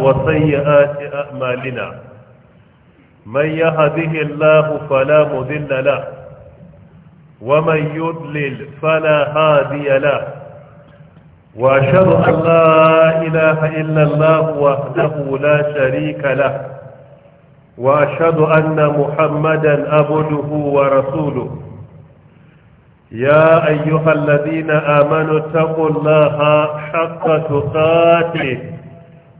وسيئات أعمالنا من يهده الله فلا مذل له ومن يضلل فلا هادي له وأشهد أن لا إله إلا الله وحده لا شريك له وأشهد أن محمدا أبده ورسوله يا أيها الذين آمنوا اتقوا الله حق تقاته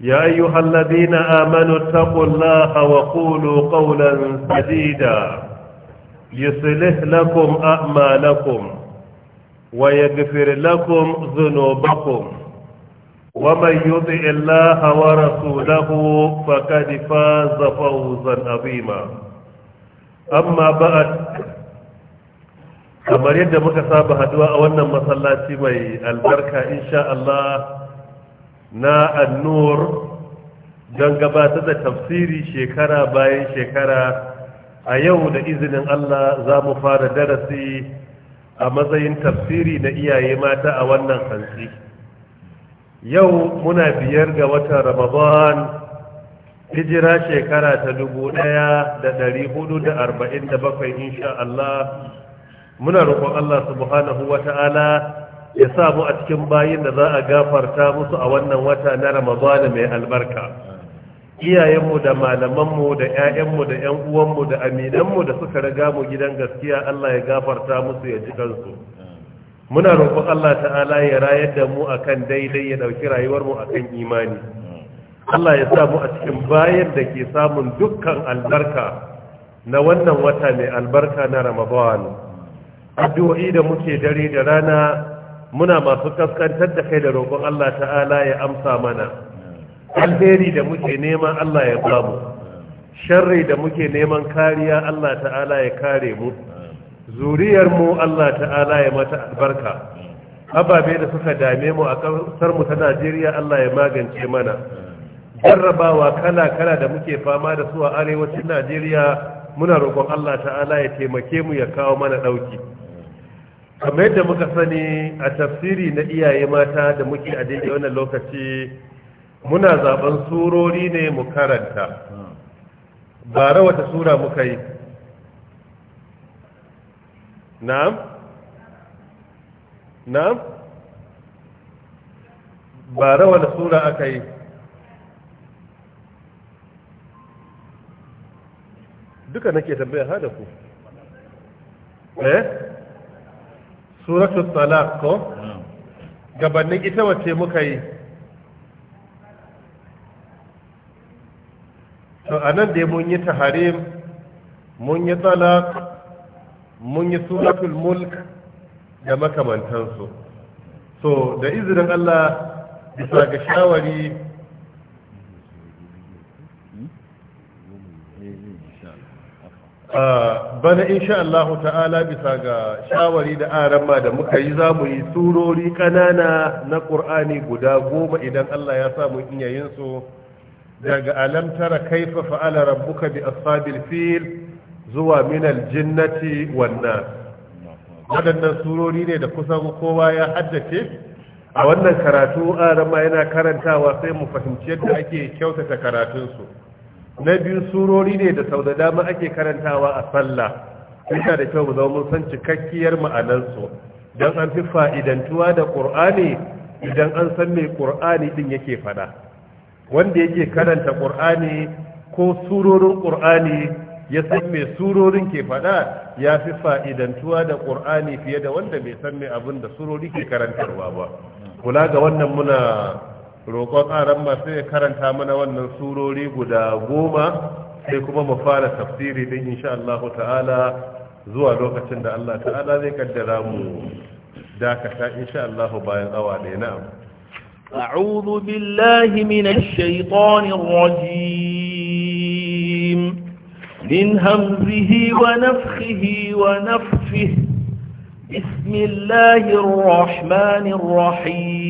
يا أيها الذين آمنوا اتقوا الله وقولوا قولا سديدا يصلح لكم أعمالكم ويغفر لكم ذنوبكم ومن يطع الله ورسوله فقد فاز فوزا عظيما أما بعد kamar yadda muka saba haduwa a wannan masallaci mai albarka insha Allah na annur don gabatar da tafsiri shekara bayan shekara a yau da izinin Allah za mu fara darasi a matsayin tafsiri na iyaye mata a wannan hansi yau muna biyar ga watan ramadan hijira shekara ta dubu ɗaya da ɗari hudu da arba'in da bakwai insha Allah muna roƙon Allah subhanahu wa ta'ala ya sa mu a cikin bayin da za a gafarta musu a wannan wata na ramadana mai albarka iyayenmu da malamanmu da 'ya'yanmu da 'yan uwanmu da aminanmu da suka riga mu gidan gaskiya Allah ya gafarta musu ya ji kansu muna roƙon Allah ta'ala ya rayar da mu akan daidai ya ɗauki mu akan imani Allah ya sa mu a cikin bayan da ke samun dukkan albarka na wannan wata mai albarka na ramadana addu'o'i da muke dare da rana muna masu kaskantar da kai da roƙon Allah ta'ala ya amsa mana alheri da muke nema Allah ya ba mu sharri da muke neman kariya Allah ta'ala ya kare mu zuriyar mu Allah ta'ala ya mata albarka ababe da suka dame mu a kasar mu ta Najeriya Allah ya magance mana jarrabawa kala kala da muke fama da su a arewacin Najeriya muna roƙon Allah ta'ala ya taimake mu ya kawo mana dauki kamar yadda muka sani a tafsiri na iyaye mata da muke a daidai wannan lokaci muna zaben surori ne mu karanta bara wata sura muka yi na'am na'am bara wata sura aka yi duka nake tambaya ha da ku eh suratul talaq ko gabanin ita wace muka yi to anan dai mun yi taharim mun yi talaq mun yi suratul mulk da makamantansu so da izinin Allah bisa ga shawari bana insha Allah ta'ala bisa ga shawari da arama da muka yi za mu yi surori ƙanana na ƙur'ani guda goma idan Allah ya samu su daga alamtara kaifa fa'ala rabbuka bi ashabil fil zuwa minal jinnati wan nas waɗannan surori ne da kusan kowa ya haddace a wannan karatu arama yana karantawa sai mu fahimci yadda ake kyautata karatunsu su na biyu surori ne da sau da dama ake karantawa a sallah yana da kyau mu zama mun san cikakkiyar ma'anarsu don an fi fa'idantuwa da ƙur'ani idan an san mai ƙur'ani ɗin yake faɗa wanda yake karanta ƙur'ani ko surorin ƙur'ani ya san mai surorin ke faɗa ya fi fa'idantuwa da ƙur'ani fiye da wanda bai san mai abin da surori ke karantarwa ba kula ga wannan muna roƙon ƙaran masu ya karanta mana wannan surori guda goma sai kuma mu fara tafsiri din insha Allah ta'ala zuwa lokacin da Allah ta'ala zai kaddara mu dakata insha Allah bayan awa ɗaya na'am أعوذ بالله من الشيطان الرجيم من همزه ونفخه ونففه بسم الله الرحمن الرحيم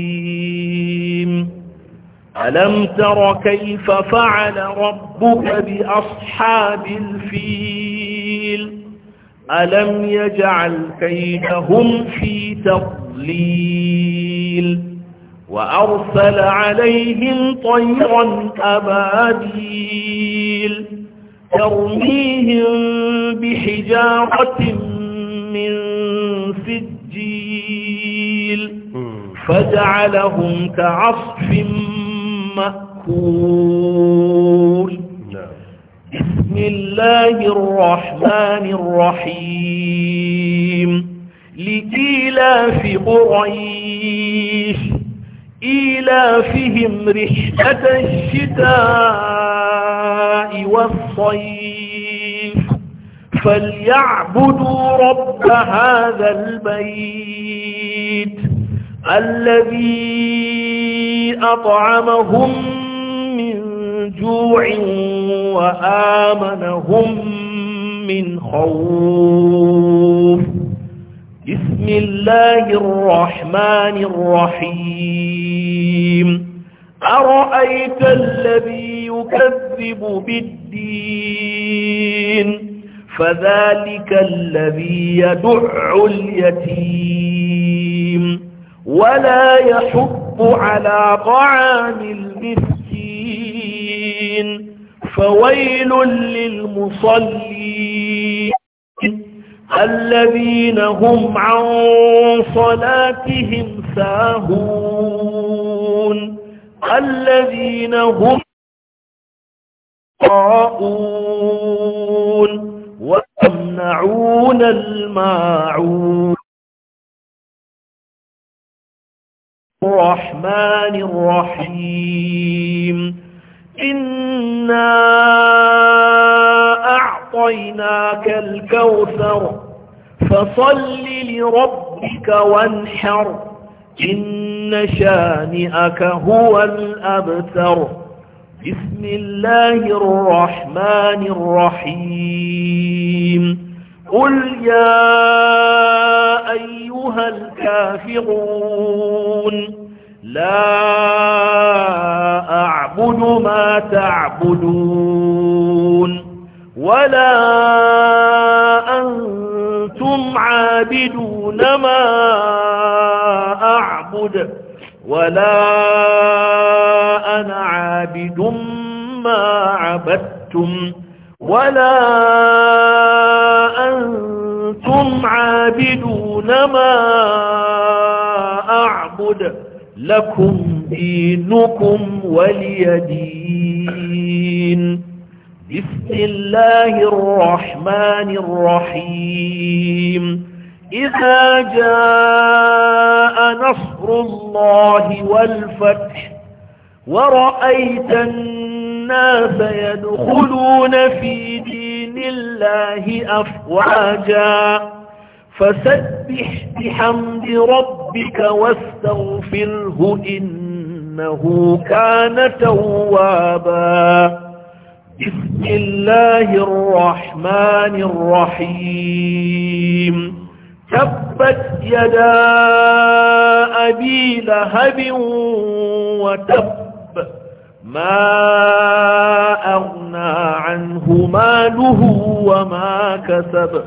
ألم تر كيف فعل ربك بأصحاب الفيل ألم يجعل كيدهم في تضليل وأرسل عليهم طيرا أبابيل ترميهم بحجارة من سجيل فجعلهم كعصف مأكول نعم. بسم الله الرحمن الرحيم لإيلاف قريش إيلافهم رحلة الشتاء والصيف فليعبدوا رب هذا البيت الذي أطعمهم من جوع وآمنهم من خوف بسم الله الرحمن الرحيم أرأيت الذي يكذب بالدين فذلك الذي يدع اليتيم ولا يحب يحض على طعام المسكين فويل للمصلين الذين هم عن صلاتهم ساهون الذين هم قاؤون ويمنعون الماعون الرحمن الرحيم إنا أعطيناك الكوثر فصل لربك وانحر إن شانئك هو الأبتر بسم الله الرحمن الرحيم قل يا أيها أيها الكافرون لا أعبد ما تعبدون ولا أنتم عابدون ما أعبد ولا أنا عابد ما عبدتم ولا تعبدون ما أعبد لكم دينكم ولي دين بسم الله الرحمن الرحيم إذا جاء نصر الله والفتح ورأيت الناس يدخلون في دين الله أفواجاً فسبح بحمد ربك واستغفره إنه كان توابا بسم الله الرحمن الرحيم تبت يدا أبي لهب وتب ما أغنى عنه ماله وما كسب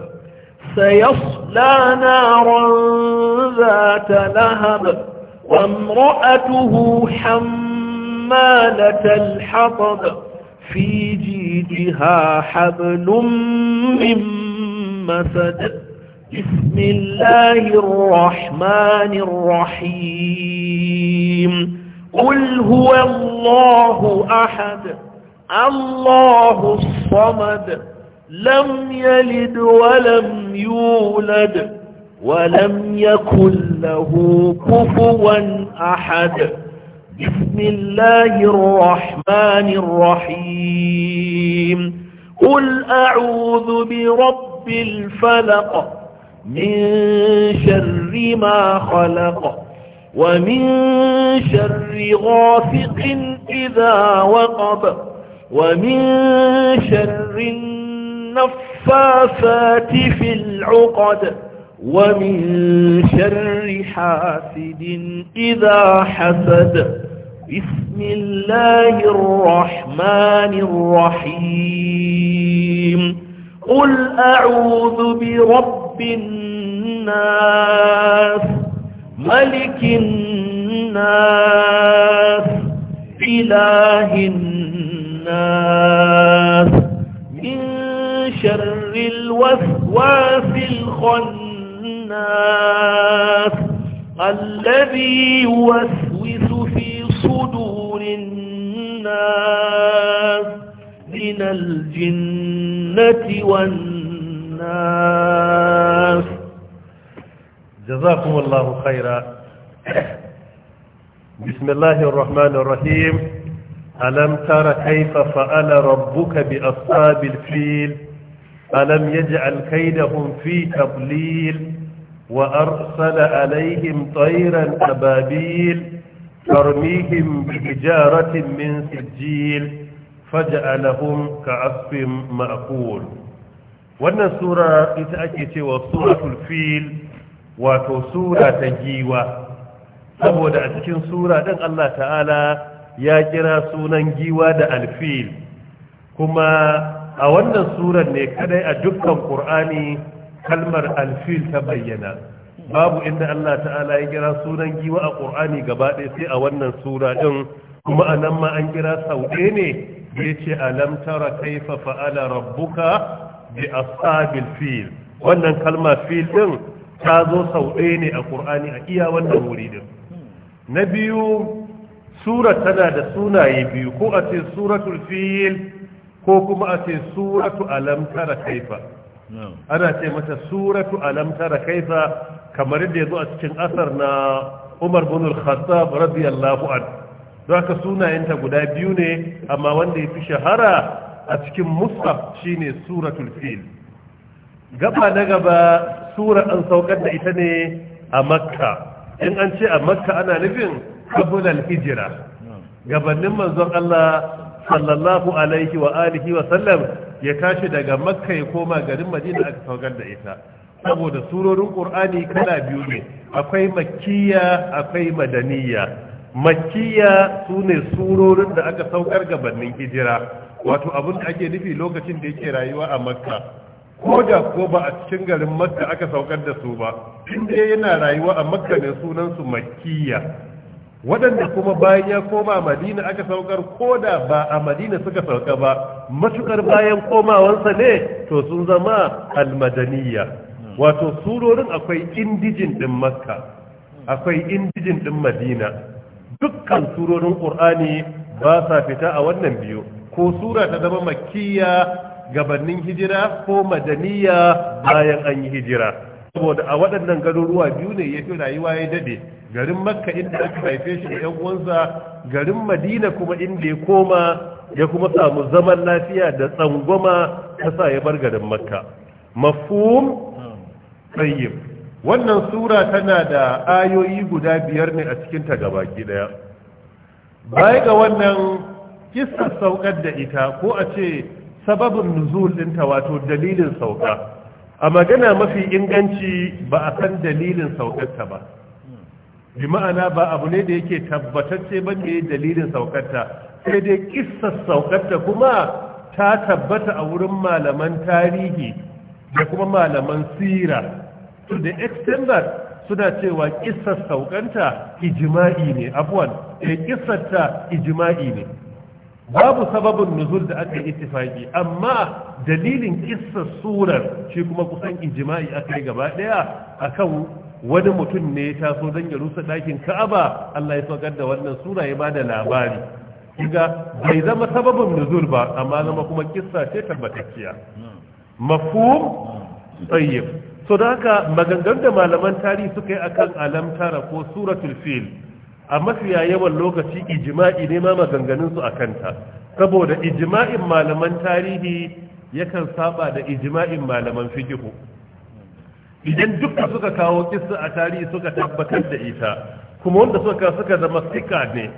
سيصلى نارا ذات لهب وامرأته حمالة الحطب في جيدها حبل من مسد بسم الله الرحمن الرحيم قل هو الله أحد الله الصمد لم يلد ولم يولد ولم يكن له كفوا أحد بسم الله الرحمن الرحيم قل أعوذ برب الفلق من شر ما خلق ومن شر غافق إذا وقب ومن شر النفاثات في العقد ومن شر حاسد إذا حسد بسم الله الرحمن الرحيم قل أعوذ برب الناس ملك الناس إله الناس شر الوسواس الخناس الذي يوسوس في صدور الناس من الجنة والناس جزاكم الله خيرا بسم الله الرحمن الرحيم ألم تر كيف فعل ربك بأصحاب الفيل ألم يجعل كيدهم في تضليل وأرسل عليهم طيرا أبابيل ترميهم بحجارة من سجيل فجعلهم كعصف مأكول wannan sura ita ake cewa suratul wato surata giwa saboda a cikin sura ɗin Allah ta'ala ya kira sunan giwa da alfil kuma a wannan surar ne kadai a dukkan ƙur'ani kalmar alfil ta bayyana babu inda Allah ta'ala ya kira sunan giwa a ƙur'ani gaba ɗaya sai a wannan sura ɗin, kuma a nan ma an kira sauɗe ne ya ce alam tara kaifa fa'ala rabbuka bi ashabil fil wannan kalma fil ɗin ta zo sauɗe ne a ƙur'ani a iya wannan wuri na biyu sura tana da sunaye biyu ko a ce suratul fil ko kuma a ce suratu alam tara kaifa ana ce mata suratu alam tara kaifa kamar yadda yazo a cikin asar na Umar bin Al-Khattab radiyallahu anhu haka sunayenta guda biyu ne amma wanda ya fi shahara a cikin musaf shine suratul fil gaba na gaba sura an saukar da ita ne a makka in an ce a makka ana nufin kabulal hijira gabanin manzon Allah sallallahu alaihi wa alihi wa sallam ya tashi daga makka ya koma garin madina aka saukar da ita saboda surorin qur'ani kala biyu ne akwai makkiya akwai madaniya makkiya sune surorin da aka saukar gabanin hijira wato abin da ake nufi lokacin da yake rayuwa a makka ko da ko ba a cikin garin makka aka saukar da su ba Tun dai yana rayuwa a makka ne sunan su makkiya waɗanda kuma bayan ya koma madina aka saukar ko da ba a madina suka sauka ba matukar bayan komawansa ne to sun zama almadaniya wato surorin akwai indijin ɗin makka akwai indijin ɗin madina dukkan surorin ƙur'ani ba sa fita a wannan biyu ko sura ta zama makkiya gabanin hijira ko madaniya bayan an yi hijira saboda a waɗannan garuruwa biyu ne ya fi rayuwa ya daɗe garin makka inda aka haife shi da yan uwansa garin madina kuma inda ya koma ya kuma samu zaman lafiya da tsangwama ta sa ya bar garin makka mafum tsayyib wannan sura tana da ayoyi guda biyar ne a cikin ta gabaki daya baya ga wannan kisa saukar da ita ko a ce sababin nuzul ɗinta wato dalilin sauka a magana mafi inganci ba a san dalilin saukarta ba bi ma'ana ba abu ne da yake tabbatacce ba ne dalilin saukarta sai dai kissar saukarta kuma ta tabbata a wurin malaman tarihi da kuma malaman sira to the extender suna cewa kissar saukarta ijima'i ne afwan eh, kissar ta ijima'i ne babu sababin nuzul da aka yi ittifaki amma dalilin kissa surar shi kuma kusan ijma'i aka yi gaba daya akan wani mutum ne ya taso don ya rusa dakin ka'aba Allah ya saukar da wannan sura ya bada labari kiga bai zama sababin nuzul ba amma zama kuma kissa ce tabbatacciya mafhum tayyib so da haka maganganun da malaman tarihi suka yi akan alam tara ko suratul fil a mafiya yawan lokaci ijima'i ne ma maganganun su akanta saboda ijima'in malaman tarihi yakan saba da ijima'in malaman fiqh idan duka suka kawo kissa a tarihi suka tabbatar da ita kuma wanda suka suka zama fika ne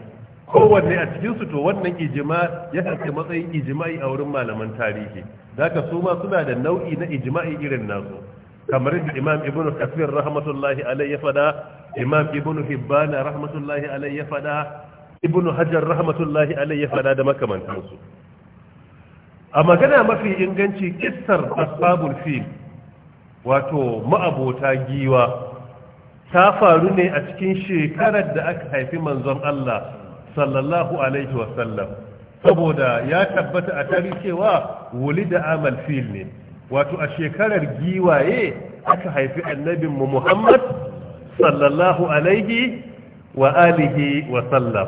kowanne a cikin su to wannan ijma ya kace matsayin ijima'i a wurin malaman tarihi zaka su ma suna da nau'i na ijima'i irin nasu kamar yadda imam ibn kafir rahmatullahi alai ya fada imam ibn hibbana rahmatullahi alai ya fada ibn hajar rahmatullahi alai ya fada da makamantansu a magana mafi inganci kissar ashabul fil wato ma'abota giwa ta faru ne a cikin shekarar da aka haifi manzon Allah sallallahu alaihi wasallam saboda ya tabbata a tarihi cewa wulida amal fil ne wato a shekarar giwaye aka haifi annabin mu Muhammad sallallahu alaihi wa alihi wa sallam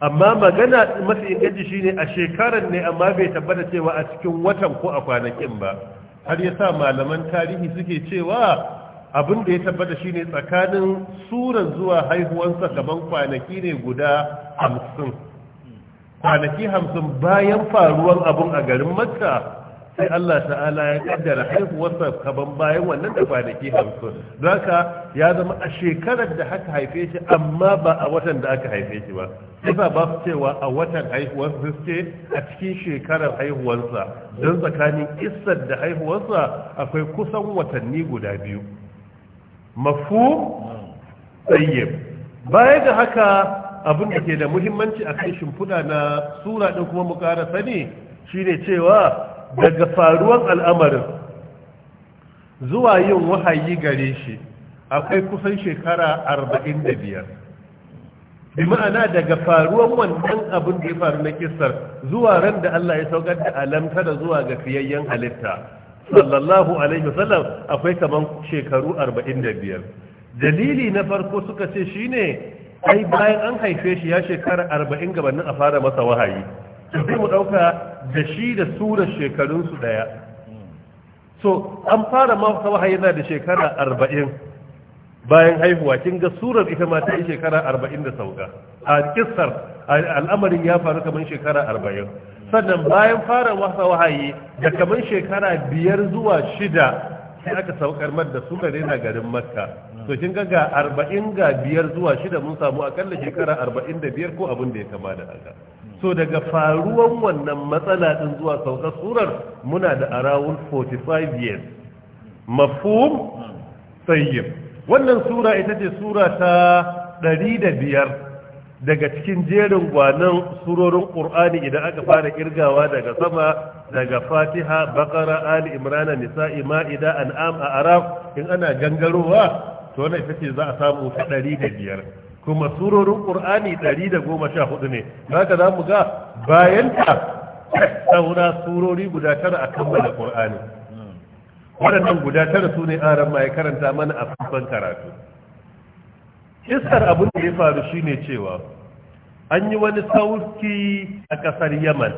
amma magana mafi inganci shine a shekarar ne amma bai tabbata cewa a cikin watan ko a kwanakin ba har yasa malaman tarihi suke cewa abin da ya tabbata shine tsakanin suran zuwa haihuwansa gaban kwanaki ne guda hamsin kwanaki hamsin bayan faruwan abun a garin makka sai Allah ta'ala ya kaddara haihuwarsa kaban bayan wannan da kwanaki hamsin don haka ya zama a shekarar da aka haife shi amma ba a watan da aka haife shi ba isa ba su cewa a watan haihuwarsa su ce a cikin shekarar haihuwarsa don tsakanin isar da haihuwarsa akwai kusan watanni guda biyu mafu tsaye. baya ga haka abin da ke da muhimmanci a kai shimfiɗa na sura ɗin kuma mu ƙara sani shine cewa daga faruwan al'amarin zuwa yin wahayi gare shi akwai kusan shekara arba'in da biyar. bi ma'ana daga faruwan wannan abin da ya faru na kisar zuwa ran da Allah ya saukar da alamta da zuwa ga fiyayyen halitta sallallahu alaihi wasallam akwai kamar shekaru arba'in da biyar. dalili na farko suka ce shine ai bayan an haife shi ya shekara arba'in gabanin a fara masa wahayi to zai mu dauka da shi da sura shekarun su daya so an fara ma sabaha yana da shekara 40 bayan haihuwa kin ga surar ita ma ta yi shekara 40 da sauka a kissar al'amarin ya faru kamar shekara 40 sannan bayan fara wasa wahayi da kamar shekara biyar zuwa shida sai aka saukar mar da suka rena garin makka to kin ga ga arba'in ga biyar zuwa shida mun samu akalla shekara arba'in da biyar ko abin da ya kama da haka so daga faruwan wannan matsala din zuwa saukar surar muna da arawun 45 years mafum sayyib wannan sura ita ce sura ta 105 daga cikin jerin gwanon surorin qur'ani idan aka fara kirgawa daga sama daga fatiha bakara ali imrana nisa'i ma'ida an'am a araf in ana gangarowa to wannan ita ce za a samu ta 105 kuma surorin qur'ani 114 ne haka za mu ga bayan ta saura surori guda tara a kammala qur'ani waɗannan guda tara su ne aran ma ya karanta mana a farkon karatu iskar abin da ya faru shine cewa an yi wani sauki a ƙasar yaman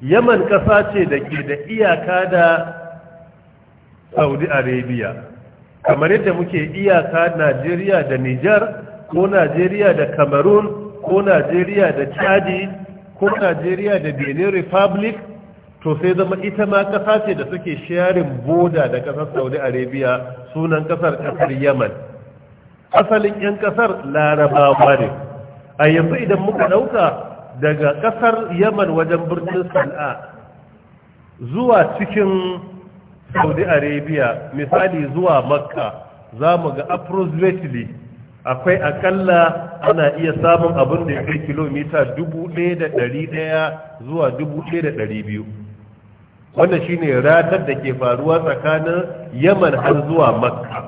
yaman ƙasa ce da ke da iyaka da saudi arabia kamar yadda muke iyaka najeriya da nijar ko najeriya da cameroon ko najeriya da chadi ko najeriya da benin republic to sai zama ita ma kasa ce da suke sharin boda da kasar saudi arabia sunan kasar kasar Yemen. asalin 'yan kasar larabawa ne a yanzu idan muka dauka daga kasar Yemen wajen birnin sana'a zuwa cikin saudi arabia misali zuwa makka za mu ga approximately akwai akalla ana iya samun abin da ya kai kilomita 1,100 zuwa 1,200 wannan ne ratar da ke faruwa tsakanin yaman har zuwa makka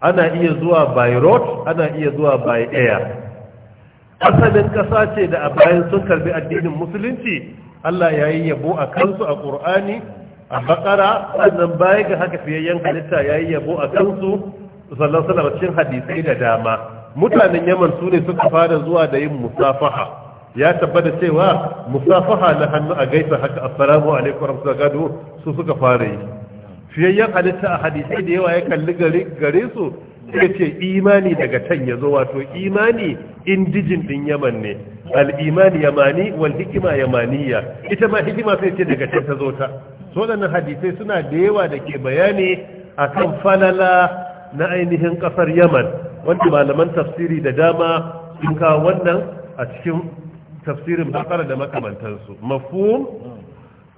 ana iya zuwa by road ana iya zuwa by air asalin ƙasa ce da a bayan sun karbi addinin musulunci allah ya yi yabo a kansu a ƙur'ani a bakara sannan baya ga haka yan halitta ya yi yabo a kansu sallallahu alaihi wasallam cikin hadisai da dama mutanen Yaman su ne suka fara zuwa da yin musafaha ya tabbata cewa musafaha na hannu a gaisa haka assalamu alaikum warahmatullahi gado su suka fara yi fiyayyen halitta a hadisai da yawa ya kalli gare su suka ce imani daga can ya zo wato imani indijin din yaman ne Al-imani al'imani yamani wal hikima yamaniya ita ma hikima sai ce daga can ta zo ta so hadisai suna da yawa da ke bayani akan falala na ainihin kasar yaman wanda malaman tafsiri da dama sun kawo wannan a cikin tafsirin bakara da makamantansu mafhum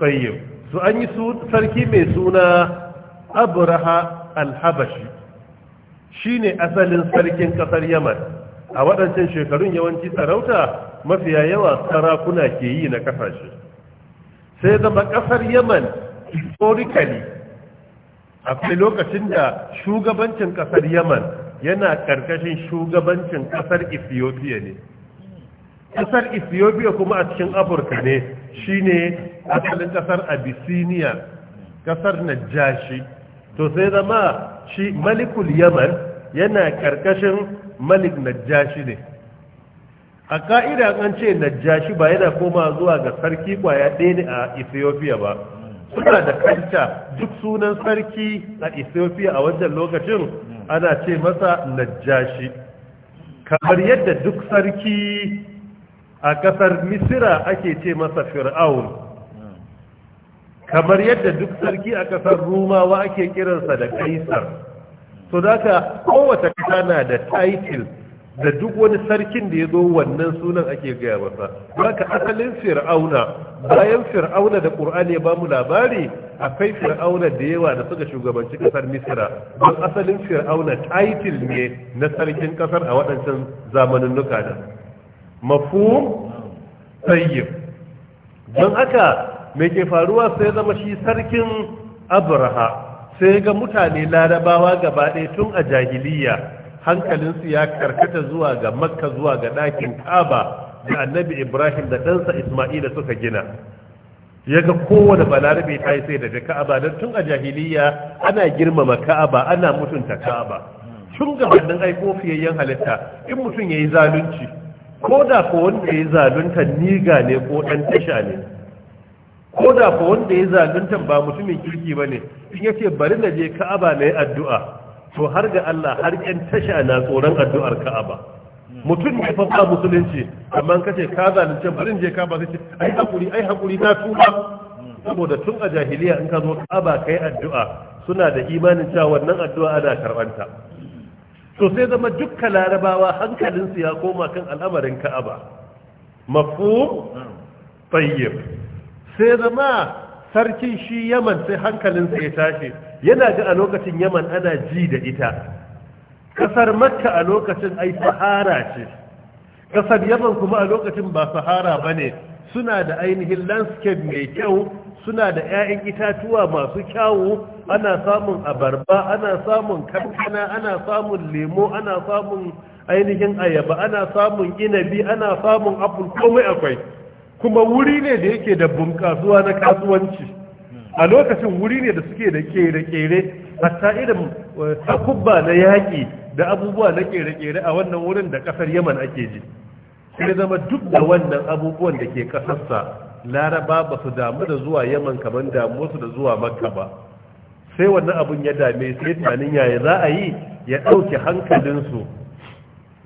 tayyib su an yi sarki mai suna abraha al-habashi shine asalin sarkin kasar yaman a waɗancan shekarun yawanci sarauta mafiya yawa sarakuna ke yi na ƙasashe. sai zama ƙasar yaman historically akwai lokacin da shugabancin kasar yaman yana karkashin shugabancin kasar ethiopia ne kasar ethiopia kuma a cikin afirka ne shine asalin kasar abyssinia kasar najashi to sai zama shi malikul yaman yana karkashin malik najashi ne a ka'ida an ce najashi ba yana koma zuwa ga sarki kwaya ɗaya ne a ethiopia ba suna da kanta duk sunan sarki a ethiopia a wajen lokacin ana ce masa najashi kamar yadda duk sarki a kasar misira ake ce masa fir'aun kamar yadda duk sarki a kasar rumawa ake kiransa da kaisar so daga kowace kasa na da titil da duk wani sarkin da ya zo wannan sunan ake gaya masa ka asalin fir'auna bayan fir'auna da ƙur'ani ya bamu labari akwai fir'auna da yawa da suka shugabanci ƙasar Misira, don asalin fir'auna titil ne na sarkin ƙasar a waɗancan zamanin nuka da mafhum tayyib don aka mai ke faruwa sai zama shi sarkin abraha sai ga mutane larabawa gaba ɗaya tun a jahiliya hankalinsu ya karkata zuwa ga makka zuwa ga ɗakin kaba da annabi ibrahim da ɗansa isma'ila suka gina ya ga kowane balarabe ta yi sai da ka'aba don tun a jahiliya ana girmama ka'aba ana mutunta ka'aba tun gabanin aiko fiyayyen halitta in mutum ya yi zalunci ko da ko wanda ya yi zalunta niga ne ko ɗan tasha ne ko da ko wanda ya yi zalunta ba mutumin kirki ba ne in ya ce bari na je ka'aba na yi addu'a to har ga allah har 'yan tasha na tsoron addu'ar ka'aba mutum mai fasa musulunci amma ka ce ka zalunce bari je ka ba sai ce ai hakuri ai hakuri na tuba saboda tun a jahiliya in ka zo kaba kai addu'a suna da imanin cewa wannan addu'a ana karbanta to sai zama dukkan larabawa hankalinsu ya koma kan al'amarin ka'aba mafu tayyib sai zama sarkin shi yaman sai hankalinsa ya tashi yana ga a lokacin yaman ana ji da ita kasar makka a lokacin ai sahara ce kasar yaman kuma a lokacin ba sahara ba ne suna da ainihin landscape mai kyau suna da 'ya'yan itatuwa masu kyawu ana samun abarba ana samun kankana ana samun lemo ana samun ainihin ayaba ana samun inabi ana samun apple komai akwai kuma wuri ne da yake da bunkasuwa na kasuwanci a lokacin wuri ne da suke da kere-kere hatta irin eh, takubba na yaƙi da abubuwa na kere-kere a wannan wurin da kasar yaman ake ji sai zama duk da wannan abubuwan da ke kasarsa laraba ba su damu da zuwa yaman kamar damu su da zuwa makka ba sai wannan abun ya dame sai tunanin yaya za a yi ya ɗauke hankalinsu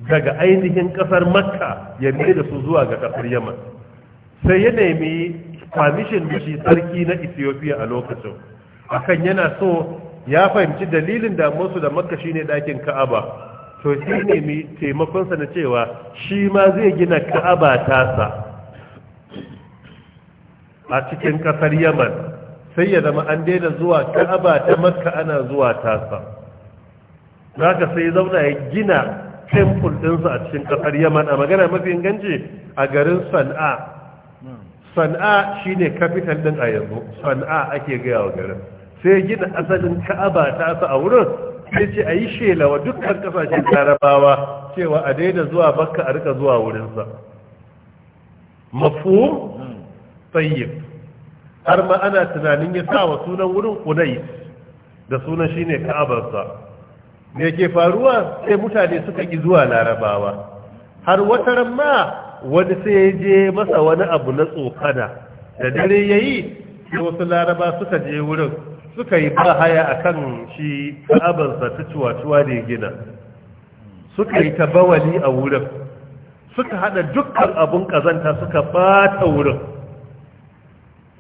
daga ainihin kasar makka ya da su zuwa ga kasar yaman sai ya nemi kwamishin da shi sarki na ethiopia a lokacin akan yana so ya fahimci dalilin damuwarsu da makka shine ɗakin ka'aba to shi nemi taimakonsa na cewa shi ma zai gina ka'aba tasa a cikin ƙasar yaman sai ya zama an daina zuwa ka'aba ta makka ana zuwa tasa za ka sai zauna ya gina temple ɗinsa a cikin kasar yaman a magana mafi inganci a garin sana'a hmm. sana'a shine capital ɗin a yanzu San'a ake gaya wa garin sai gina asalin ka'aba ta su a wurin sai ce a yi shela dukkan kasashen larabawa cewa a daina zuwa bakka a rika zuwa wurinsa mafu tsayyib har ma ana tunanin ya sa wa sunan wurin kunai da sunan shine ka'abarsa me ke faruwa sai mutane suka ki zuwa larabawa har wata ma wani sai ya je masa wani abu na tsokana da dare yayi yi wasu laraba suka je wurin suka yi haya a kan shi ka'abarsa ta cuwa-cuwa da ya gina suka yi ta bawali a wurin suka hada dukkan abun kazanta suka bata wurin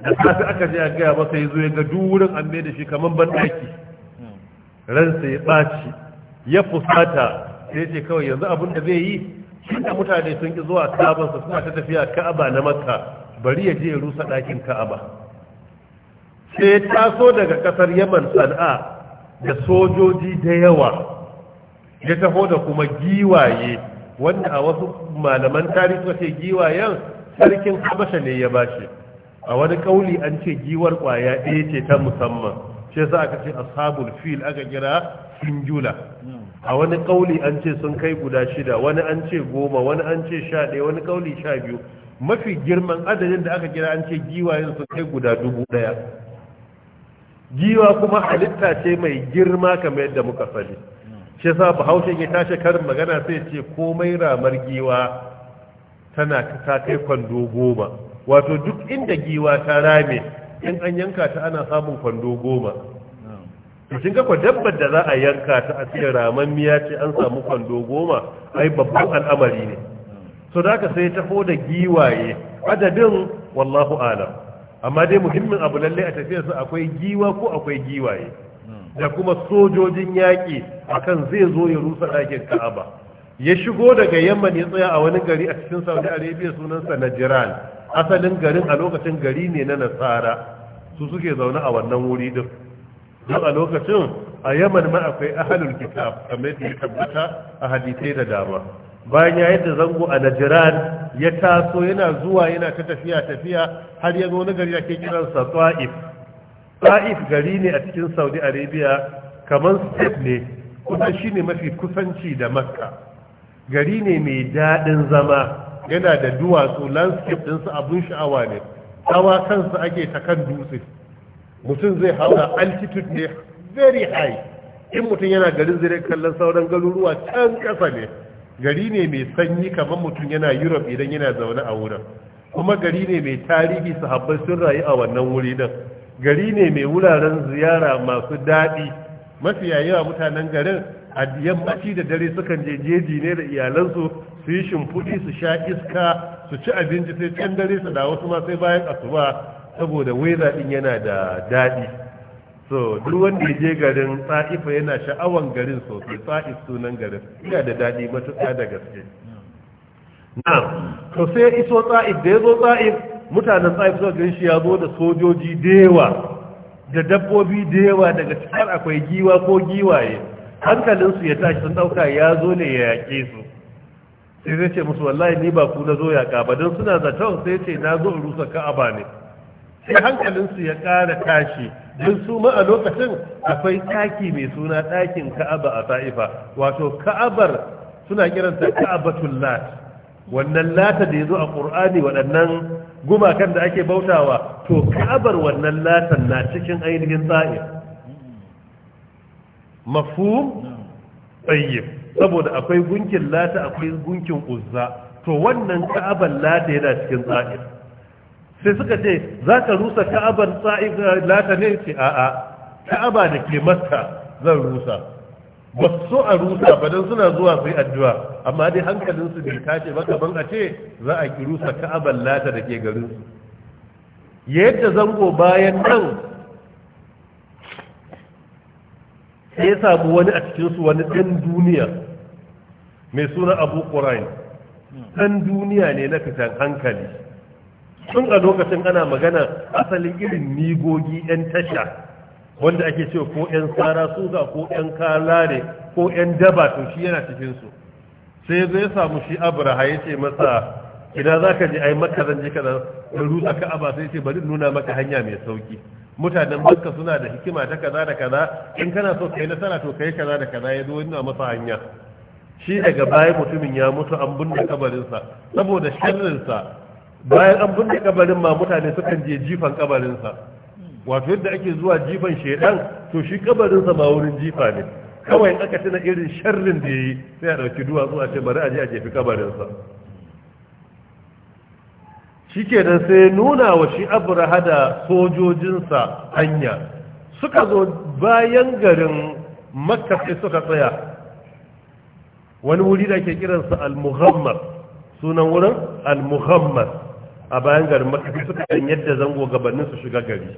da safi aka je a gaya masa ya zo ya ga wurin an da shi kamar banɗaki ransa ya ɓaci ya fusata sai ce kawai yanzu abin da zai yi shi da mutane sun ki zuwa ka'abarsa suna ta tafiya ka'aba na makka bari ya je ya rusa ɗakin ka'aba sai taso daga kasar yaman sana'a da sojoji da yawa ya taho da kuma giwaye wanda a wasu malaman tarihi suka ce giwayen sarkin habasha ne ya bashi a wani kauli an ce giwar kwaya ɗaya ce ta musamman ce yasa aka ce ashabul fil aka kira sinjula a wani kauli an ce sun kai guda shida wani an ce goma wani an ce sha ɗaya wani kauli sha biyu mafi girman adadin da aka kira an ce giwayen sun kai guda dubu ɗaya giwa kuma halitta ce mai girma kamar yadda muka sani shi yasa bahaushe ya tashi karin magana sai ce komai ramar giwa tana ta kai kwando goma wato duk inda giwa ta rame in an yanka ta ana samun kwando goma kin ga dabbar da za a yanka ta a cikin raman miya ce an samu kwando goma ai babban al'amari ne so da ka sai ta da giwaye adadin wallahu alam amma dai muhimmin abu lalle a tafiyarsa su akwai giwa ko akwai giwaye da kuma sojojin yaƙi akan zai zo ya rusa ɗakin ka'aba ya shigo daga yamman ya tsaya a wani gari a cikin saudi arabia sunansa na Jiran. asalin garin a lokacin gari ne na nasara su suke zaune a wannan wuri duk don a lokacin a yaman ma akwai ahalul kitab kamar da ya tabbata a hadisai da dama bayan ya yadda zango a najiran ya taso yana zuwa yana ta tafiya tafiya har ya zo wani gari ake kiransa tsa'if tsa'if gari ne a cikin saudi arabia kamar step ne kusan shi ne mafi kusanci da makka gari ne mai daɗin zama yana da duwatsu landscape ɗinsu abin sha'awa ne hawa kansa ake ta kan dutse mutum zai haura altitude ne very high in mutum yana garin zai kallon sauran garuruwa can ƙasa ne gari ne mai sanyi kamar mutum yana europe idan yana zaune a wurin kuma gari ne mai tarihi sahabbai sun rayu a wannan wuri din gari ne mai wuraren ziyara masu daɗi mafiya yawa mutanen garin a yammaci da dare sukan je jeji ne da iyalansu su yi shimfiɗi su sha iska su ci abinci sai can dare su da wasu ma sai bayan asuba saboda weather din yana da daɗi so duk wanda ya je garin sa'ifa yana sha'awan garin sosai sa'if sunan garin yana da daɗi matuƙa da gaske Na to sai ya iso sa'if da ya zo sa'if mutanen sa'if suka gan shi ya zo da sojoji da yawa da dabbobi da yawa daga cikin akwai giwa ko giwaye hankalinsu ya tashi sun ɗauka ya zo ne ya yaƙe su sai zai ce musu wallahi ni ba ku na zo yaƙa ba don suna zaton sai ce na zo in rusa ka'aba ne sai hankalinsu ya ƙara tashi don su ma a lokacin akwai taki mai suna ɗakin ka'aba a ta'ifa wato ka'abar suna kiranta ka'abatun lat wannan lata da ya zo a ƙur'ani waɗannan gumakan da ake bautawa to ka'abar wannan latan na cikin ainihin ta'if mafu tsayyib saboda akwai gunkin lata akwai gunkin uzza to wannan ka'abar lata yana cikin ta'if sai suka ce za ka rusa ka'abar sa'ib eh, lata ne ce a'a ka'aba da ke maka zan rusa ba su a rusa ba don suna zuwa sai addu'a amma dai hankalinsu bai tashi ba kaman a ce za a ki rusa ka'abar lata da ke garinsu yadda zango bayan nan sai ya samu wani a cikinsu wani ɗan duniya mai suna abu ƙurain ɗan duniya ne na fitan hankali tun a lokacin ana magana asalin irin nigogi 'yan tasha wanda ake cewa ko 'yan tsara suga ko 'yan ne ko 'yan daba to shi yana cikinsu sai zai samu shi abraha ya ce masa idan za ka je ai maka zan je ka da rusa ka aba sai ce bari nuna maka hanya mai sauki mutanen makka suna da hikima ta kaza da kaza in kana so kai nasara to kai kaza da kaza ya zo yana masa hanya shi daga baya mutumin ya mutu an binne kabarinsa saboda sharrinsa bayan an binne kabarin ma mutane sukan je jifan kabarinsa wato yadda ake zuwa jifan shedan to shi kabarinsa ba wurin jifa ne kawai aka tuna irin sharrin da yayi sai a dauki duwatsu a ce bari a je a jefi kabarinsa da sai nuna wa shi abraha da sojojinsa hanya suka zo bayan garin makka sai suka tsaya wani wuri da ke kiransa al-muhammad sunan wurin al-muhammad a bayan garin makafi suka kan yadda zango gabanin su shiga gari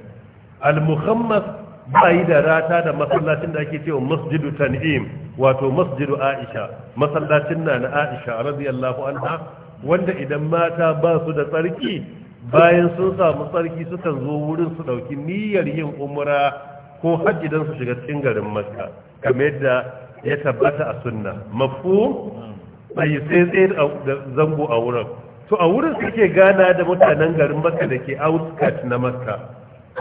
al muhammad ba yi da rata da masallacin da ake cewa masjidu tan'im wato masjidu aisha masallacin na na aisha radiyallahu anha wanda idan mata ba su da tsarki bayan sun samu tsarki sukan zo wurin su dauki niyyar yin umra ko hajji don su shiga cikin garin makka kamar yadda ya tabbata a sunna mafhum bai sai da zango a wurin to a wurin suke gana da mutanen garin makka da ke outskirt na makka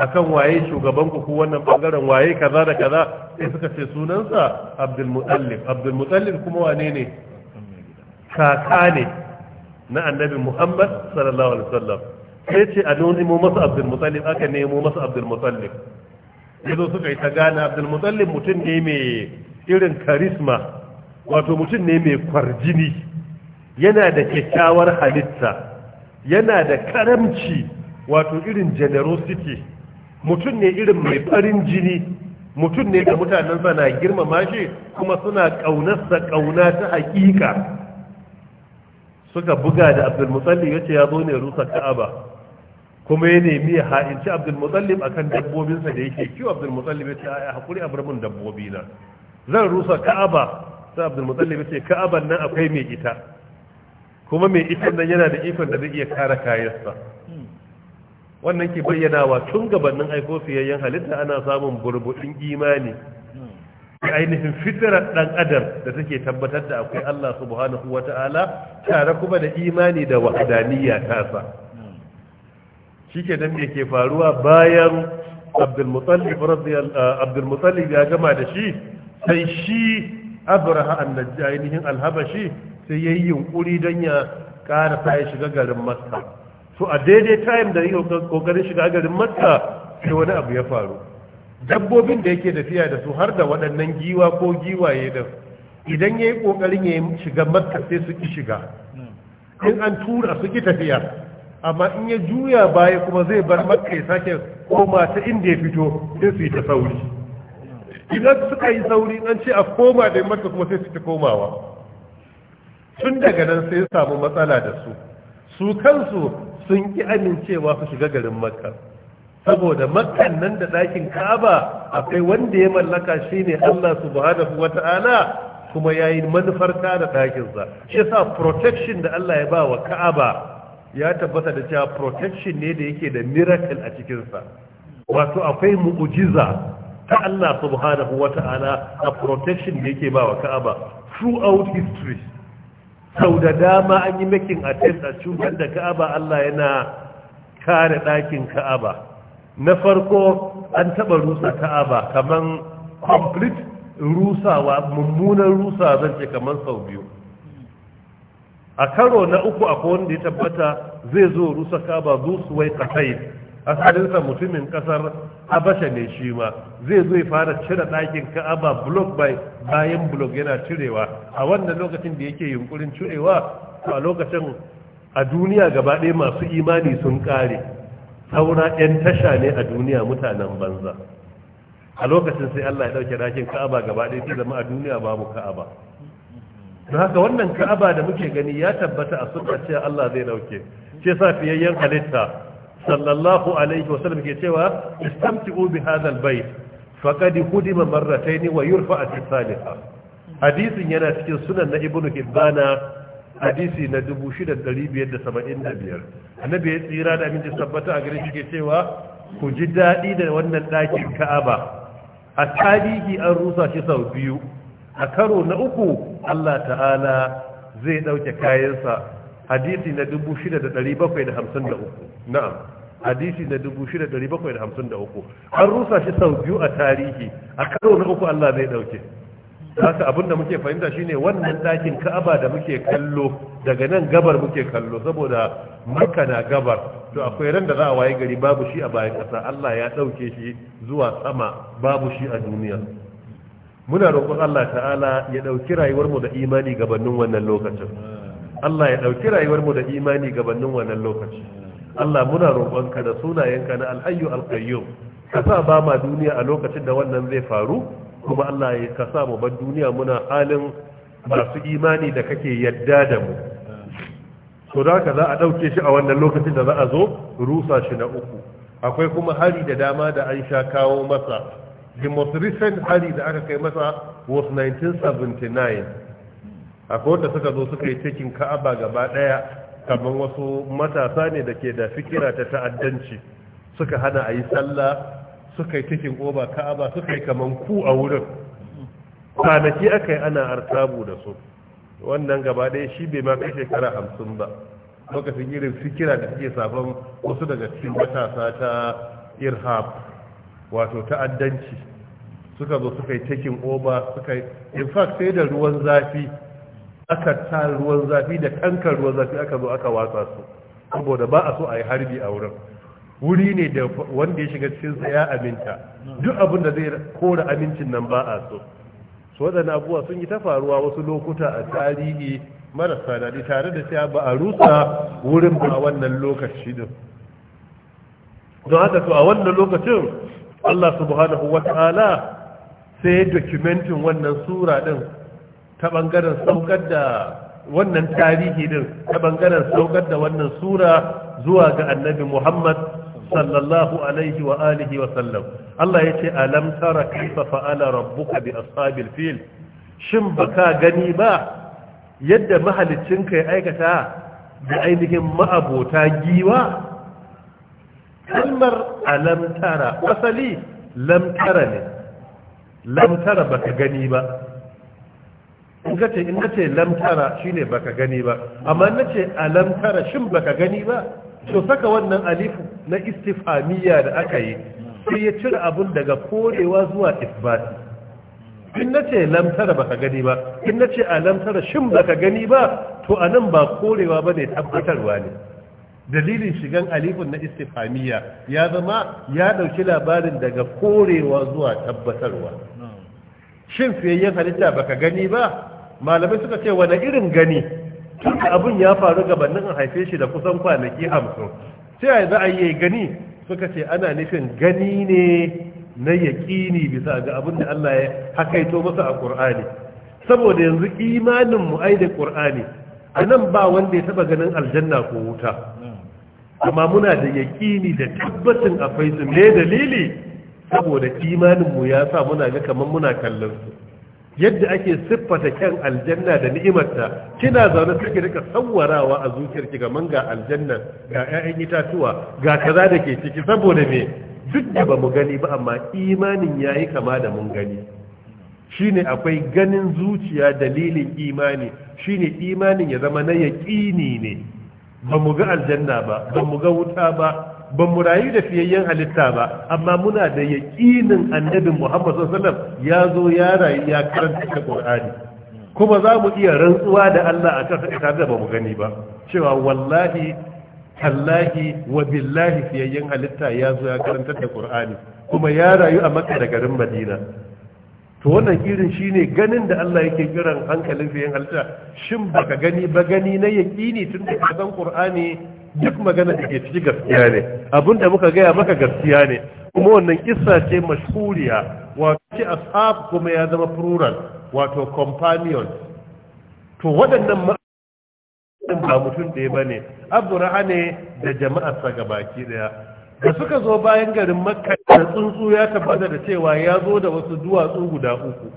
akan waye shugaban ku ko wannan bangaren waye kaza da kaza sai suka ce sunansa abdul mutallib abdul mutallib kuma wane ne kaka ne na annabi muhammad sallallahu alaihi wasallam sai ce a nemo masa abdul mutallib aka nemo masa abdul mutallib yazo suka yi ta gana abdul mutallib mutum ne mai irin karisma wato mutum ne mai kwarjini yana da kyakkyawar halitta yana da karamci wato irin generosity mutum ne irin mai farin jini mutum ne da mutanen sana girmama shi kuma suna ƙaunarsa ƙauna ta haƙiƙa suka buga da Abdulmutsalli ya ce ya zo ne rusa ka'aba kuma ya nemi ya ha'inci Abdulmutsalli a kan dabbobinsa da yake kiwo Abdulmutsalli ya ce a haƙuri a birnin dabbobina zan rusa ka'aba sai Abdulmutsalli ya ce ka'aban nan akwai mai ita kuma mai ikon nan yana da ikon da zai iya kare kayansa wannan ke bayyanawa tun gabanin aiko fiyayyen halitta ana samun burbuɗin imani ainihin fitirar ɗan adam da take tabbatar da akwai Allah subhanahu wa ta'ala tare kuma da imani da wahdaniyya tasa shi ke nan da ke faruwa bayan abdulmutallib ya gama da shi sai shi abraha ainihin alhabashi sai ya yi yunkuri don ya kara sa ya shiga garin makka to a daidai time da yi ƙoƙarin shiga garin makka sai wani abu ya faru dabbobin da yake tafiya da su har da waɗannan giwa ko giwaye da idan ya yi ƙoƙarin ya shiga makka sai su ki shiga in an tura su ki tafiya amma in ya juya baya kuma zai bar makka ya sake koma ta inda ya fito sai su yi ta sauri idan suka yi sauri an ce a koma da makka kuma sai su ta komawa tun daga nan sai samu matsala da su su kansu sun ki amincewa su shiga garin makka saboda makkan nan da ɗakin ka'aba akwai wanda ya mallaka shi ne Allah subhanahu ta'ala kuma yayi manufar da ɗakin sa shi yasa protection da Allah ya ba wa ka'aba ya tabbata da cewa protection ne da yake da miracle a cikinsa. wato akwai mu'ujiza ta Allah subhanahu ta'ala a protection da yake ba wa ka'aba throughout history sau da dama an yi makin attempt a cikin da ka'aba Allah yana kare ɗakin ka'aba na farko an taɓa rusa ka'aba kaman complete rusawa mummunan rusa zan ce kaman sau biyu a karo na uku akwai wanda ya tabbata zai zo rusa ka'aba zuwa suwai kasai asalinsa mutumin kasar habasha ne shi ma zai zo ya fara cire ɗakin ka'aba blok by bayan blok yana cirewa a wannan lokacin da yake yunkurin cirewa a lokacin a duniya gaba ɗaya masu imani sun ƙare saura 'yan tasha ne a duniya mutanen banza a lokacin sai Allah ya ɗauke ɗakin ka'aba gaba ɗaya sai zama a duniya babu ka'aba don haka wannan ka'aba da muke gani ya tabbata a sunna cewa Allah zai ɗauke shi yasa fiyayyen halitta sallallahu alaihi wasallam ke cewa istamti'u bi hadha albayt faqad hudima marratayn wa yurfa at-thalitha hadisin yana cikin sunan na ibnu hibbana hadisi na 6575 annabi ya tsira da aminci tabbata a gare shi ke cewa ku ji daɗi da wannan ɗakin ka'aba a tarihi an rusa shi sau biyu a karo na uku Allah ta'ala zai ɗauke kayansa hadisi na 6753 na'am hadisi na 6753 an rusa shi sau biyu a tarihi a karo na uku Allah zai dauke haka abinda muke fahimta shine wannan dakin Ka'aba da muke kallo daga nan gabar muke kallo saboda Makka na gabar to akwai ran da za a waye gari babu shi a bayan kasa Allah ya dauke shi zuwa sama babu shi a duniya muna roƙon Allah ta'ala ya dauki rayuwar mu da imani gabanin wannan lokacin Allah ya dauki rayuwar mu da imani gabanin wannan lokacin Allah muna roƙonka da sunayenka na alhayyu alqayyum ka sa ba ma duniya a lokacin da wannan zai faru kuma Allah ya ka sa mu bar duniya muna halin masu imani da kake yadda da mu to da ka za a ɗauke shi a wannan lokacin da za a zo rusa shi na uku akwai kuma hari da dama da an sha kawo masa the most recent hari da aka kai masa was 1979 akwai wanda suka zo suka yi cikin ka'aba gaba ɗaya kamar wasu matasa ne da ke da fikira ta ta'addanci suka hana a yi sallah suka yi cikin oba ka'aba suka yi kamar ku a wurin kwanaki aka yi ana artabu da su wannan gaba ɗaya shi bai ma kai shekara hamsin ba lokacin irin fikira da suke sabon wasu daga cikin matasa ta irhab wato ta'addanci suka zo suka yi cikin oba suka yi in fact sai da ruwan zafi aka ta ruwan zafi da kankan ruwan zafi aka zo aka watsa su saboda ba a so a yi harbi a wurin wuri ne da wanda ya shiga cikin sa ya aminta duk abin da zai kora amincin nan ba a so su waɗannan abubuwa sun yi ta faruwa wasu lokuta a tarihi marasa daɗi tare da cewa ba a rusa wurin ba a wannan lokaci din don haka to a wannan lokacin Allah subhanahu wata'ala sai dokumentin wannan sura din ta ɓangaren saukar da wannan tarihi din ta ɓangaren saukar da wannan sura zuwa ga annabi muhammad sallallahu alaihi wa alihi wa sallam Allah ya ce alam tara kaifa fa'ala rabbuka bi ashabil fil shin baka gani ba yadda ka ya aikata da ainihin ma'abota giwa kalmar alam tara asali lam tara ne lam tara baka gani ba in ka ce in ka ce lamtara shine baka gani ba amma in ce alamtara shin baka gani ba to saka wannan alif na istifamiya da aka yi sai ya cire abun daga korewa zuwa isbat in na ce lamtara baka gani ba in na ce alamtara shin baka gani ba to anan ba korewa ba ne tabbatarwa ne dalilin shigan alifun na istifamiya ya zama ya dauki labarin daga korewa zuwa tabbatarwa shin yin halitta baka gani ba malamai suka ce wani irin gani tun da abin ya faru gabanin an haife shi da kusan kwanaki hamsin sai za a yi gani suka ce ana nufin gani ne na yaƙini bisa ga abin da Allah ya hakaito masa a ƙur'ani saboda yanzu imanin mu ai da ƙur'ani a nan ba wanda ya taɓa ganin aljanna ko wuta amma muna da yaƙini da tabbacin akwai su ne dalili saboda imanin mu ya sa muna ga kamar muna kallon su yadda ake siffata kyan aljanna da ni'imarta kina zaune suke rika sawwarawa a zuciyarki ga manga aljanna ga ƴaƴan itatuwa ga kaza da ke ciki saboda me duk da mu gani ba amma imanin yayi kama da mun gani shine akwai ganin zuciya dalilin imani shine imanin ya zama na yaqini ne bamu ga aljanna ba mu ga wuta ba ban mu rayu da fiyayyen halitta ba amma muna da yaƙinin annabin Muhammad sallallahu alaihi ya zo ya rayu ya karanta ta Qur'ani kuma za mu iya rantsuwa da Allah a kan tare da mu gani ba cewa wallahi tallahi wa billahi fiyayyen halitta ya zo ya karanta da Qur'ani kuma ya rayu a Makka da garin Madina to wannan irin shine ganin da Allah yake kiran hankalin fiyayyen halitta shin baka gani ba gani na yaƙini tun da ka san Qur'ani duk magana da ke ciki gaskiya ne abinda muka gaya maka gaskiya ne kuma wannan kissa ce mashhuriya wato ce ashab kuma ya zama plural wato companion to waɗannan ma'aikatan ba mutum ɗaya ba ne da ne da ga gabaki ɗaya da suka zo bayan garin makka da tsuntsu ya tabbata da cewa ya zo da wasu duwatsu guda uku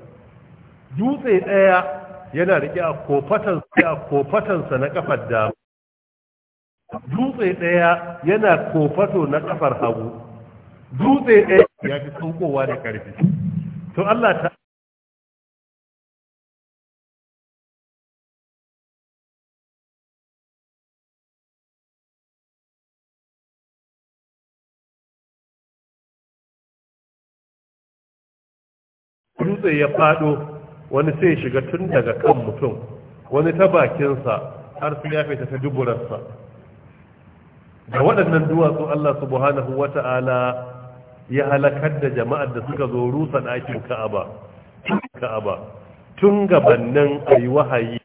dutse ɗaya yana riƙe a kofatansa na kafar dama dutse ɗaya yana kofato na ƙafar hagu dutse ɗaya ya fi saukowa da ƙarfi to Allah ta dutse ya fado wani sai shiga tun daga kan mutum wani ta bakinsa har sai ya fita ta duburarsa da waɗannan duwatsu Allah subhanahu wata'ala ya halakar da jama'ar da suka zo rusa ɗakin Ka'aba Tun tun gabannin ayi wahayi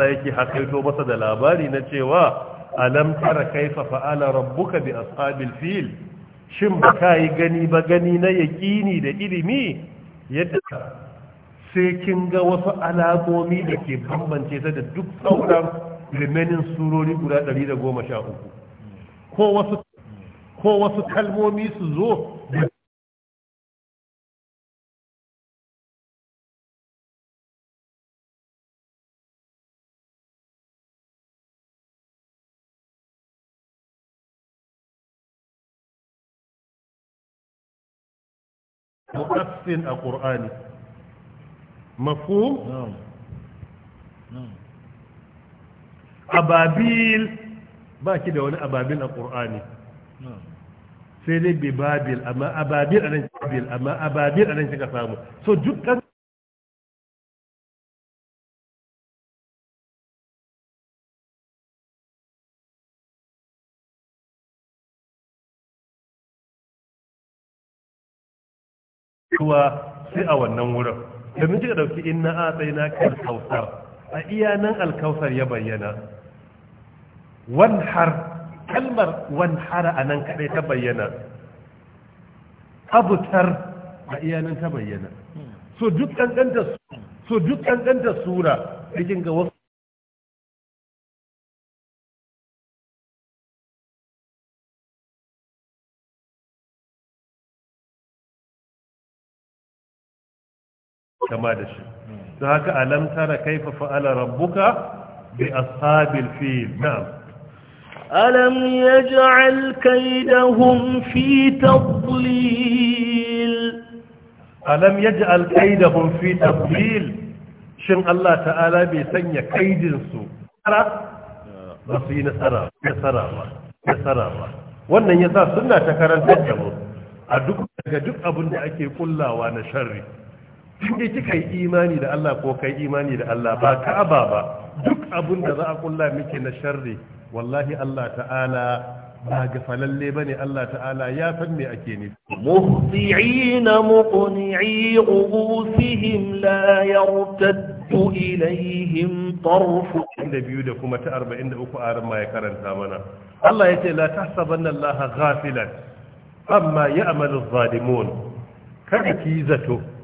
Allah yake hakaito masa da labari na cewa alam tara kaifa fa'ala rabbuka bi ashabil fil shin ba kai gani ba gani na yaqini da ilimi yadda sai kin ga wasu alamomi da ke bambance ta da duk sauran remaining surori guda 113 ko wasu ko wasu kalmomi su zo da shaksin a ƙur'ani da wani ababil a ƙur'ani sai dai bibabil amma ababil samu so dukkan ruwa sai a wannan wurin domin kika dauki na a tsayina kan kausar a iya nan alkausar ya bayyana wanhar kalmar wanhara a nan kaɗai ta bayyana abutar a iya nan ta bayyana so duk kankanta sura cikin ga wasu kama da shi don haka alam tara kaifa fa'ala rabbuka bi ashabil fil na'am ألم يجعل كيدهم في تضليل ألم يجعل كيدهم في تضليل شن الله تعالى بيسني كيدن سو ترى بصين سرى يسرى ba. wannan yasa suna ta karantar da mu a duk daga duk abin da ake kullawa na sharri inda kika yi imani da Allah ko kai imani da Allah ba aba ba duk abun da za a kulla miki na sharri wallahi Allah ta'ala ba ga ba bane Allah ta'ala ya san me ake nufi muhti'ina muqni'i rubusihim la yartaddu ilayhim tarfu da biyu da kuma ta 43 aran ma ya karanta mana Allah yace la tahsabanna Allah ghafilan amma ya'malu adh kada ki zato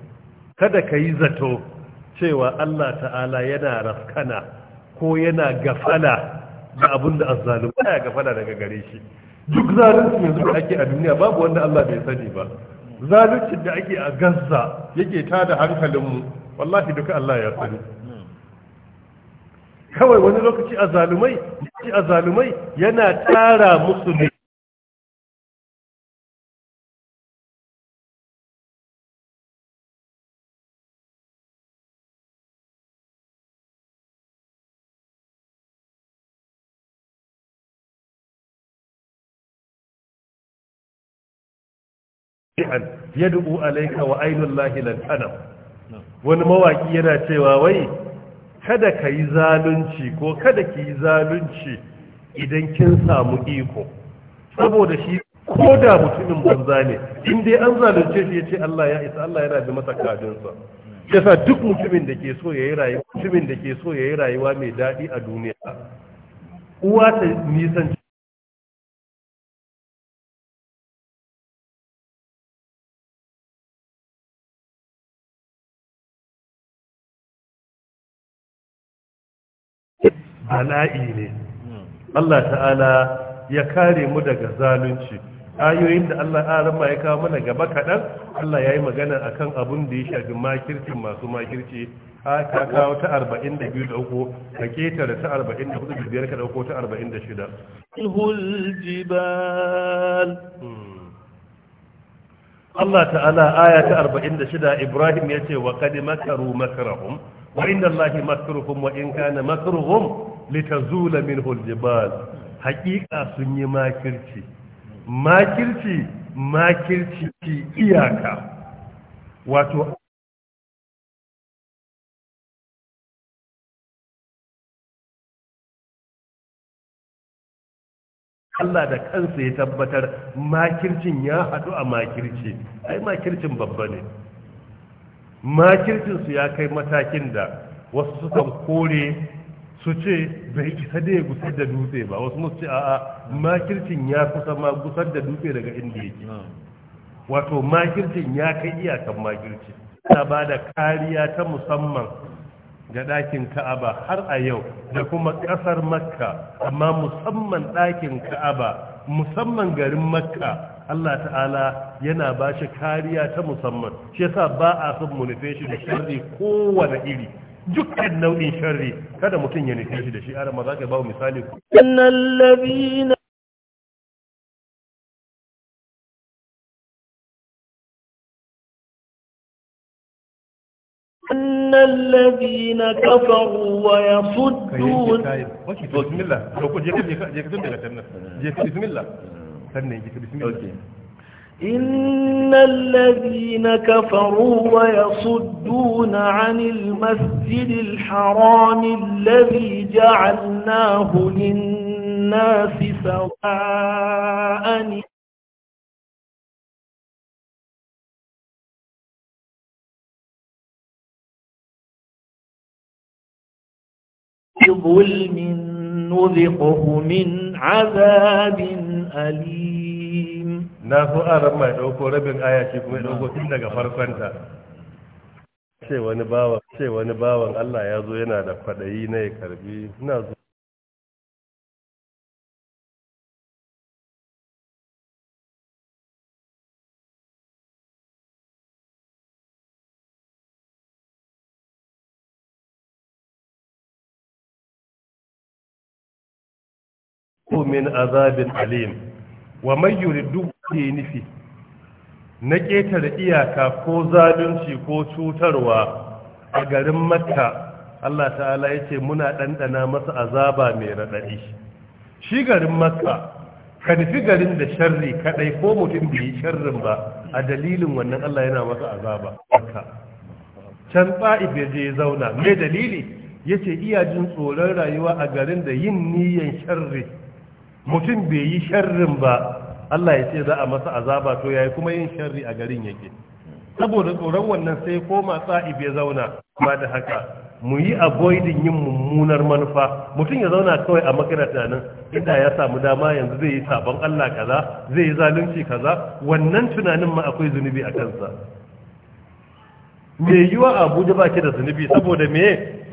kada ka yi zato cewa Allah ta'ala yana raskana ko yana gafala da abin da azzalu ba ya gafala daga gare shi duk zalunci yanzu da ake a duniya babu wanda Allah bai sani ba zaluncin da ake a Gaza yake tada hankalinmu wallahi duka Allah ya sani kawai wani lokaci a zalumai yana tara musu an yad'u alayka wa lahi lan tanam wani mawaki yana cewa wai kada ka yi zalunci ko kada ki yi zalunci idan kin samu iko saboda shi ko da mutumin banza ne in dai an zalunce shi yace Allah ya isa Allah yana bi masa yasa duk mutumin da ke so yayi rayuwa mutumin da ke so yayi rayuwa mai daɗi a duniya uwa ta nisan bala'i ne Allah ta'ala ya kare mu daga zalunci ayoyin da Allah arama ya kawo mana gaba kaɗan Allah ya yi magana a kan abin da ya shafi makircin masu makirci a ta kawo ta arba'in da biyu da uku ka ketare ta arba'in da hudu da biyar ka ɗauko ta arba'in da shida. Hmm. Allah ta'ala aya ta arba'in da shida Ibrahim ya ce wa kadi makaru makarahum wa inda Allahi makaruhum wa in kana makaruhum litazula min huljibal haqiqa sun yi makirci makirci makirci ki iyaka wato Allah da kansa ya tabbatar makircin ya haɗu a makirci ai makircin babba ne makircinsu ya kai matakin da wasu sukan kore su ce bai isa da ya gusar da dutse ba wasu musu ce a'a makircin ya kusa ma gusar da dutse daga inda yake hmm. wato makircin ya kai iyakan makirci ana ba da kariya ta musamman ga ɗakin ka'aba har a yau da kuma ƙasar makka amma musamman ɗakin ka'aba musamman garin makka Allah ta'ala yana ba shi kariya ta musamman shi yasa ba a son mu da sharri kowane iri dukkan nau'in sharri kada mutum ya nufi shi da shi arama za ka ba misali ku annallazina الذين كفروا ويصدون بسم الله لو كنت جيك بسم الله إن الذين كفروا ويصدون عن المسجد الحرام الذي جعلناه للناس سواء بظلم نذقه من عذاب أليم na so a ran mai ɗauko rabin aya ce kuma ya ɗauko tun daga farkonta ce wani bawan ce wani bawan Allah ya zo yana da kwaɗayi na ya karbi ina zo min azabin alim wa mai yuridu ke nufi na ƙetare iyaka ko zalunci ko cutarwa a garin makka Allah ta'ala ya ce muna ɗanɗana masa azaba mai raɗaɗi shi garin makka ka nufi garin da sharri kaɗai ko mutum bai sharrin ba a dalilin wannan Allah yana masa azaba makka can ba'ib ya je zauna mai dalili ya ce iya jin tsoron rayuwa a garin da yin niyyar sharri mutum bai yi sharrin ba Allah ya ce za a masa azaba to yayi kuma yin sharri a garin yake saboda tsoron wannan sai koma tsa'ib ya zauna Ba da haka mu yi avoiding yin mummunar manufa mutum ya zauna kawai a makaranta nan inda ya samu dama yanzu zai yi sabon Allah kaza zai yi zalunci kaza wannan tunanin ma akwai zunubi a kansa me yiwa Abuja baki da zunubi saboda me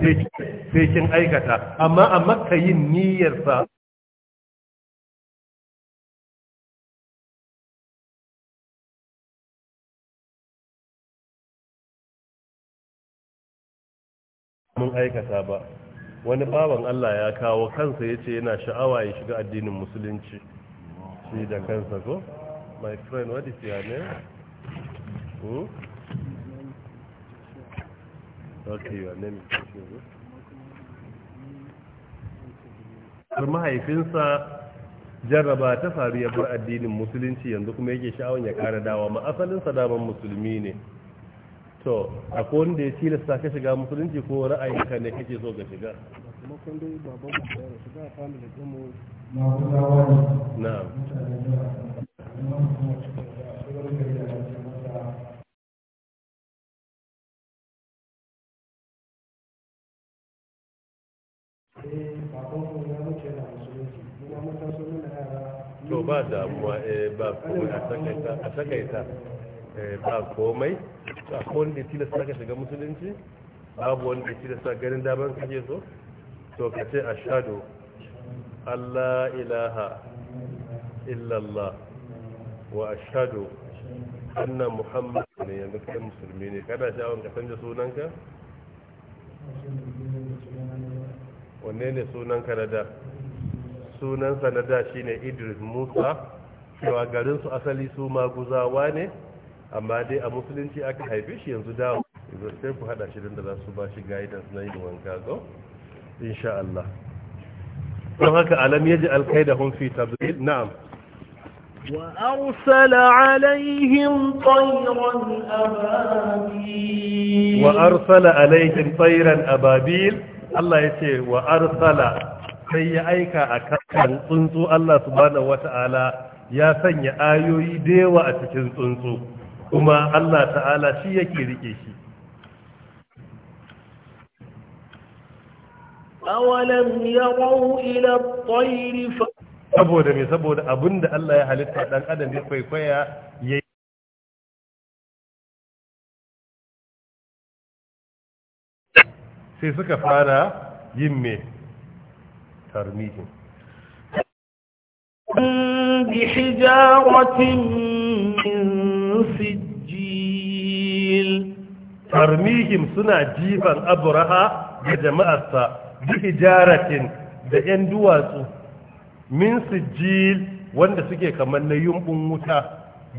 sai kin aikata amma a makka yin niyyar sa mun aikata ba wani baban Allah ya kawo kansa ya ce yana sha'awa ya shiga addinin musulunci shi da kansa ko my friend what is your name hmm? okay your name is har mahaifinsa jarraba ta faru ya bar addinin musulunci yanzu kuma yake sha'awar ya kara dawa ma asalinsa daman musulmi ne to akwai wanda ya tilasta ka shiga musulunci ko ra'ayinka ne kake so ga shiga makon dai baban da ba family din mu to ba damuwa eh, ba a sakaita Eh, ba komai ba ko wanda ya tilasta ka shiga musulunci babu wanda ya tilasta ganin daban kake so to ka ce a shado, Allah ilaha illallah wa a shado, anna muhammad ne yanzu kai musulmi ne kana sha'awar ka canza sunanka wanne ne sunanka na da sunansa na da shi ne idris musa cewa garinsu asali su maguzawa ne amma dai a musulunci aka haife shi yanzu dawo sai ku haɗa shirin da za su ba shi guidance na yin wanka ga insha Allah don haka alam yaji alkaida hun fi tabdil na'am وأرسل عليهم طيرا أبابيل وأرسل عليهم طيرا أبابيل الله يتي وأرسل sai ya aika a tsuntsu Allah subhanahu wata'ala ya sanya ayoyi da a cikin tsuntsu kuma Allah ta'ala shi yake rike shi awalam yarau ila at-tayr fa saboda me saboda abinda Allah ya halitta dan adam ya kwaikwaya yayi sai suka fara yin me tarmihin bi hijaratin sijil tarmihim suna jifan abraha da jama'arsa bi hijaratin da yan duwatsu min sijil wanda suke kamar na yumbun wuta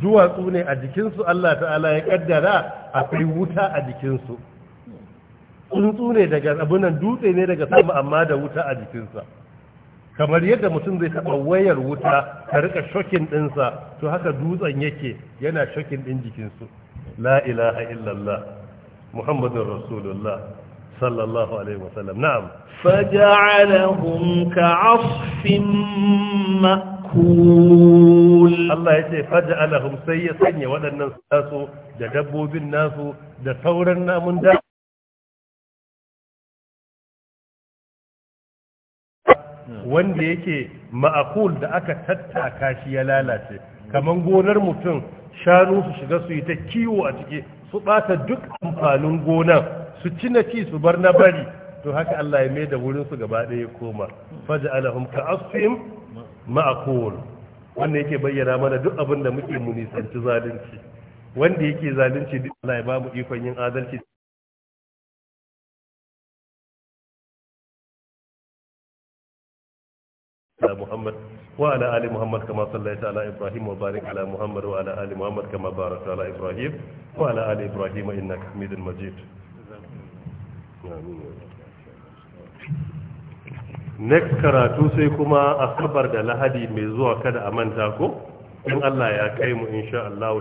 duwatsu ne a jikinsu Allah ta'ala ya kaddara akwai wuta a jikinsu tsuntsu ne daga abunan dutse ne daga sama amma da wuta a jikinsa kamar yadda mutum zai taɓa wayar wuta ta rika shokin ɗinsa to haka dutsen yake yana shokin ɗin jikinsu la ilaha illallah muhammadun rasulullah sallallahu alaihi wasallam na'am faja'alahum ka'asfin ma'kul Allah yace faja'alahum sai ya sanya waɗannan nasu da dabbobin nasu da sauran namun da wanda yake ma'akul da aka tattaka shi ya lalace kamar gonar mutum shanu su shiga su yi ta kiwo a ciki su ɓata duk amfanin gonan su ci na ci su bar na bari to haka Allah ya mai da wurin su gaba ɗaya koma faja alahum ka asfim ma'akul wanda yake bayyana mana duk abin da muke mu nisanci zalunci wanda yake zalunci duk Allah ya ba mu ikon yin adalci محمد وعلى آل محمد كما صليت على إبراهيم وبارك على محمد وعلى آل محمد كما باركت على إبراهيم وعلى آل إبراهيم إنك حميد مجيد next karatu sai kuma asabar da lahadi mai zuwa kada a manta ko in Allah ya kai mu insha Allah